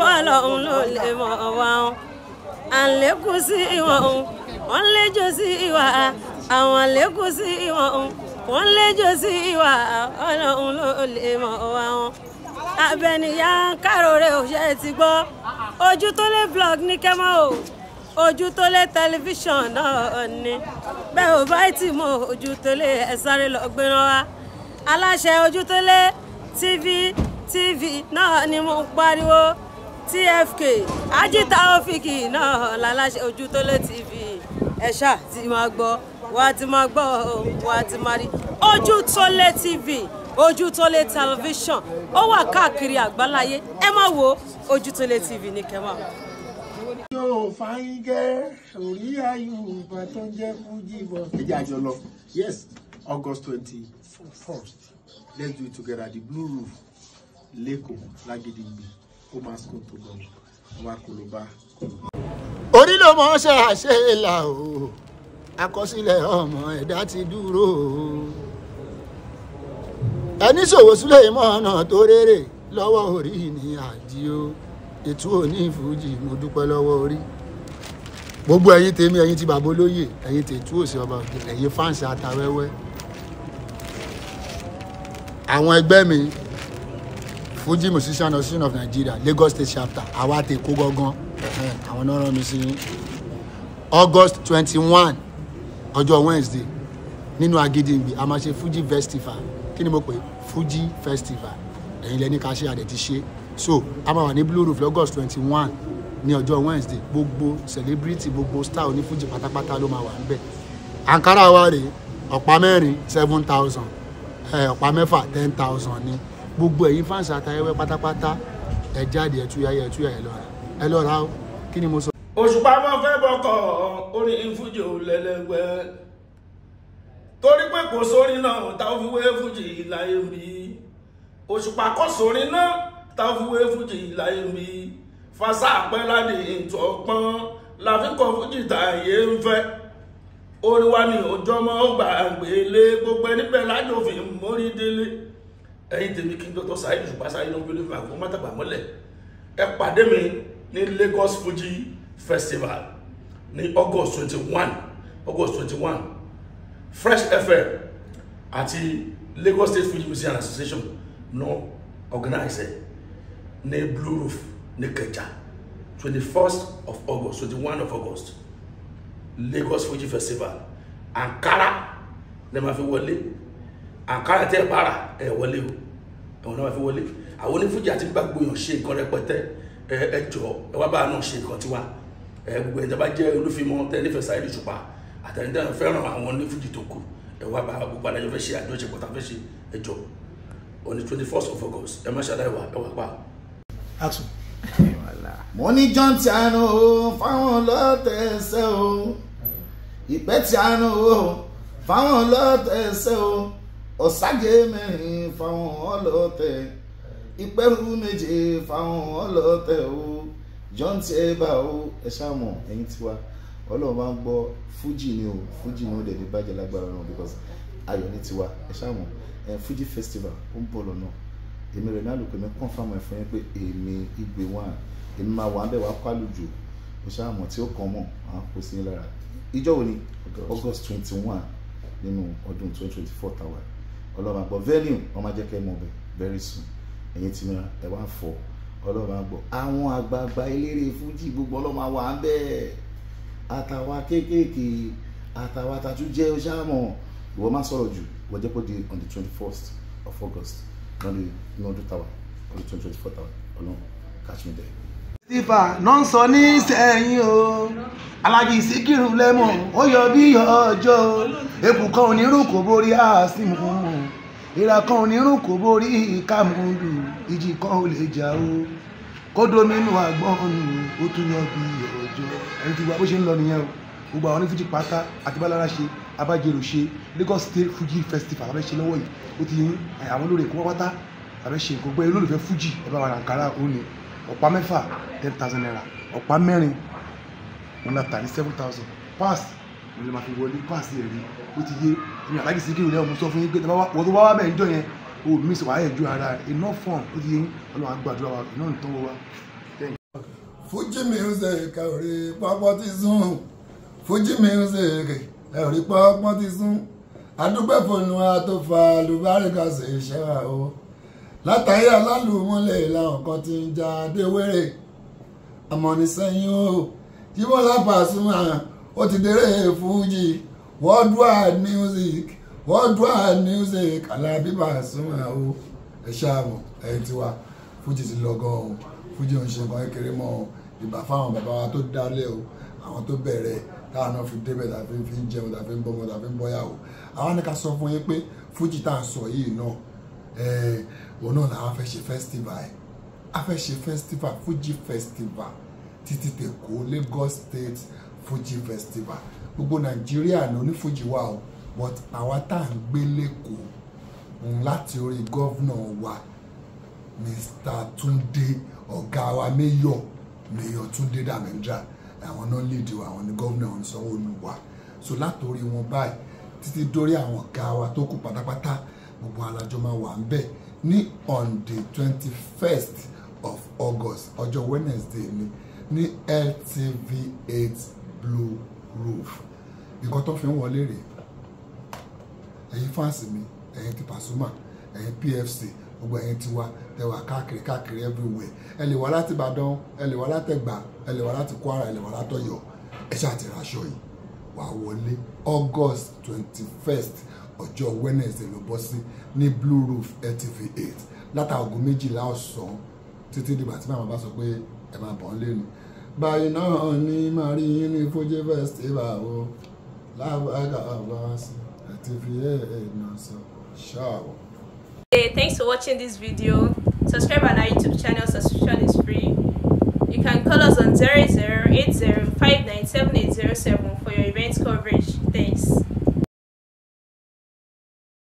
bọ́ọ̀lù òun ló lè mọ̀ wá o à ń lékún sí ìwọ̀n òun wọ́n léjò sí ìwà àwọn lékún sí ìwọ̀n òun wọ́n léjò sí ìwà ọlọ́run ló lè mọ̀ wá o abẹnìyà káròrè òṣèré ti gbọ́ ojú tó lé blog ní kẹ́mọ́ o ojú tó lé tẹlifíṣàn náà ni bẹ́ẹ̀ ò bá tì mọ́ ojú tó lé ẹ sáré lọ gbéra wa aláṣẹ ojú tó lé tv tv náà ni mo ń pariwo tfk ajita ofiki náà lálàṣẹ Ojútólé TV ẹ ṣáà ti máa gbọ́ wà á máa gbọ́ wà á máa rí Ojútólé TV Ojútólé television ó wà káàkiri àgbáláyé ẹ má wo Ojútólé TV ní kẹmà. yóò fáyín gẹ́ orí àyùbá tó jẹ́ fújì bọ̀. ẹ jẹ́ àjọ lọ yes august twenty first let's do it together the blue roof lẹ́kọ̀ọ́ lágídí gbé ó máa sọ tó lọ o àkọsílẹ̀ ọmọ ẹ̀dá ti dúró o ẹni ṣòwò sílẹ̀ ìmọ̀ ọ̀nà tó rérè lọ́wọ́ orí ni àdìo ètò òní ìfújì mo dúpẹ́ lọ́wọ́ orí gbogbo ẹ̀yin tèmi ẹ̀yin ti bàbá olóyè ẹ̀yin tètú òsì ọba òde ẹ̀yin fáǹsì atawẹ́wẹ́ àwọn ẹgbẹ́ mi Fuji Musician Association of Nigeria Lagos State Chapter àwa ti kó gangan àwọn náà rán mi sí August twenty one ọjọ́ Wednesday nínú Agídìgbì a máa ṣe Fuji festival Kini ni mo pè Fuji festival ẹ̀yin lẹ́ni ká ṣe àdẹ̀ ti ṣe so a máa wà ní Blue Roof August twenty one ni ọjọ́ Wednesday gbogbo celebrity gbogbo star Fuji pátápátá ló máa wà níbẹ̀ Ankara wa rèé ọ̀pá mẹ́rin seven thousand ọ̀pá mẹ́fà ten thousand ni gbogbo ẹ̀yin fans àtàyẹ̀wẹ̀ pátápátá ẹ jáde ẹ túyàyẹ ẹ túyàyẹ ẹ lọ́ra o kí ni mo sọ. Òṣùpá máa fẹ́ bọ́kọ̀ orin fújì lẹ́lẹ́gbẹ́ torí pé kò sórin náà táwọn fi wé fújì láyé mi Òṣùpá kò sórin náà táwọn fi wé fújì láyé mi fasa àpẹ́ládé ètò ọpọ́n láfikọ̀ fújì tààyè ń fẹ́ orí wa ni òjọ́mọ́ gbàgbé lé gbogbo ẹni pẹ́ lájòfin mórí ẹ̀yin tèmi kí dr saheed ṣùgbọ́n saheed ń gbélé fàgbọ́n mọ́tàgbà mọ́lẹ̀ ẹ pàdé mi ní Lagos Fuji Festival ní August twenty one August twenty one Fresh FM àti Lagos State Fuji Musician Association ló organize ní Blue Roof ní Kẹjà twenty first of August twenty one of August Lagos Fuji Festival Ankara ní ma fi wọlé àǹkárá tẹ́ bára ẹ wọlé o ẹ̀wọ̀n náà wá fi wọlé àwọn onífújì àti gbàgbó èèyàn ṣe nǹkan rẹpẹtẹ ẹ jọ ẹ wá bá náà ṣe nǹkan tiwa ẹ gbogbo ẹ̀ dábàá jẹ́ olúfimọ́ tẹ nífẹ̀ẹ́ Saheed Òṣùpá àtẹnudẹ́rùn fẹ́ràn àwọn onífújì tó kù ẹ wá bá gbogbo adájọ́ fẹ́ ṣe àjọṣepọ̀ tá a ṣe ẹ jọ on the twenty first of August ẹ má ṣàdáyé wa ẹ wà pa. mo ní John ti àánú o fáwọn ọlọ́tẹ̀ẹ̀sẹ̀ o ìpẹ́ ti àánú o fáwọn ọlọ́tẹ̀ẹ̀sẹ̀ o ọ̀sájẹ́ mẹ́rin fáwọn ọlọ́tẹ̀ ìpẹ́rù méje fáwọn ọlọ́tẹ̀ o john ti o ẹ ṣàmọ̀ ẹ̀yìn tiwa ọlọ́run bá ń gbọ́ fújì ni o fújì ni ó dẹ̀ lè bàjẹ́ lágbára náà because ayọ̀ ní tiwa ẹ ṣàmọ̀ fújì festival ó ń bọ̀ lọ́nà èmi rẹ̀ náà lùpẹ̀ mi confirm ẹ̀ fún yín pé èmi ìgbé wà èmi máa wà ń bẹ̀ wá pálù jù ẹ ṣàmọ̀ tí ó kàn mọ̀ àwọn kò sí ní lára ìjọ wo ni August twenty one nínú ọdún twenty twenty four tàwa ọlọ́run àgbọ̀ venue wọ́n máa jẹ́ kẹ́ mọ̀ bẹ̀ very soon ẹ̀yin ti mìíràn ẹ̀ wá fọ́ ọlọ́run àgbọ̀ àwọn àgbààgbà eléré fújì gbogbo ọlọ́run àwa ń bẹ́ẹ̀ àtàwa kéékèèké àtàwa tàtú jẹ́ ṣáàmọ̀ ìwọ má sọ̀rọ̀ jù wọ́n jẹ́ kó di on the twenty first of August lọ́n di nọ́ọ̀dún tàwa on the twenty four tàwa ọlọ́run catch me there. sífà náà ń sọ ní sẹ́yìn o alájí síkírù lẹ́mọ̀ ó yọ bí ọjọ́ èkùkọ́ onírúkọ borí àásìmù ìrà kan onírun kò borí ìkàmúndù ìjì kan ò lè jà o kódómínú àgbọ̀nù ó tún yan bí ọjọ́ ẹni tí gba bó ṣe ń lọ nìyẹn o gbogbo àwọn onífújì pátá àti ṣe abájẹrò ṣe Lagos State Fuji Festival abẹ́ ṣe lọ́wọ́ yìí ó ti yín àwọn olórí èkó pátá abẹ́ nǹkan gbé olólùfẹ́ Fuji ẹ bá wà Ankara òní ọ̀pá mẹ́fà ten thousand naira ọ̀pá mẹ́rin wọn náà ní seven thousand pass òun lè máa fi wọlé páàsì ẹ̀rí ó ti yé èmi àlágì síkírù lẹ́wọ̀n mo sọ fún yín pé wọ́n tó wá wá bẹ́ẹ̀ ń jọ yẹn o mi sọ wáyé ju ara rẹ̀ iná fọ̀n ó ti yé ọlọ́run àgbàdúrà wa iná ń tán wa. Fuji music ẹ̀rí pápá ti sún Fuji music ẹ̀rí pápá ti sún adúgbẹ́fọ̀nù àtọ́fà lùbáríkà ṣe iṣẹ́ wa o látàrí alálùmọ́lẹ̀ làwọn kan ti ń ja adéwérè àmọ́ ní sẹ́yìn o lápá súnmọ́ ó ti déré fújì worldwide music worldwide music Alábí Pasuma o ẹ ṣáàmù ẹ̀yìn tiwa fújì ti lọ gan o fújì ò ń ṣe nǹkan kékeré mọ́ o ìgbà fáwọn bàbá wa tó dálé o àwọn tó bẹ̀rẹ̀ táwọn náà fi débẹ̀ tàbí fi ń jẹun tàbí ń bọ́mọ tàbí ń bọ́yàwó àwọn ní ká sọ fún yín pé fújì tá à ń sọ yìí náà òun náà làwọn fẹ́ ṣe festival ẹ̀ ṣe festival fújì festival títí tẹ̀kọ́ Lagos State fuji festival gbogbo nàìjíríà ló ní fuji wa o but àwa tá à ń gbé lẹ́kọ̀ọ́ láti orí gọ́vnà wa mr túndé ọ̀gá wa mayor mayor túndé damendra. àwọn náà lédè wa àwọn ní gọ́vnà àwọn sanwó-olú wa so látòrí wọn báyìí títí dórí àwọn ọ̀gá wa tó kù pátápátá gbogbo alájọ máa wà ń bẹ̀ ní on the twenty first of august ọjọ́ wednesday ni ní ltv eight blue roof nǹkan tó fi ń wọlé rèé ẹ̀yin fáǹsì mi ẹ̀yin ti Pasuma ẹ̀yin PFC gbogbo ẹ̀yin ti wá tẹwà káàkiri káàkiri everywhere ẹ lè wá láti Ìbàdàn ẹ lè wá láti Ẹ̀gbá ẹ lè wá láti Kwara ẹ lè wá láti Ọ̀yọ́ ẹ ṣáà ti raṣọ yìí wà wọlé August twenty first ọjọ́ Wednesday ló bọ́ sí ní Blue Roof LTV eight látàgùn méjìlá ọ̀sán títí dìgbà tí màmá bá sọ pé ẹ máa bọ̀ ọ́n lẹ́nu báyìí náà ní marine festival o lábàgà àbáṣe àti fi ẹ̀ẹ́dùn ọ̀sán ṣáà. Hey, thanks for watching this video. Subscribe on our YouTube channel, subscription is free. You can call us on 0080597807 for your event coverage.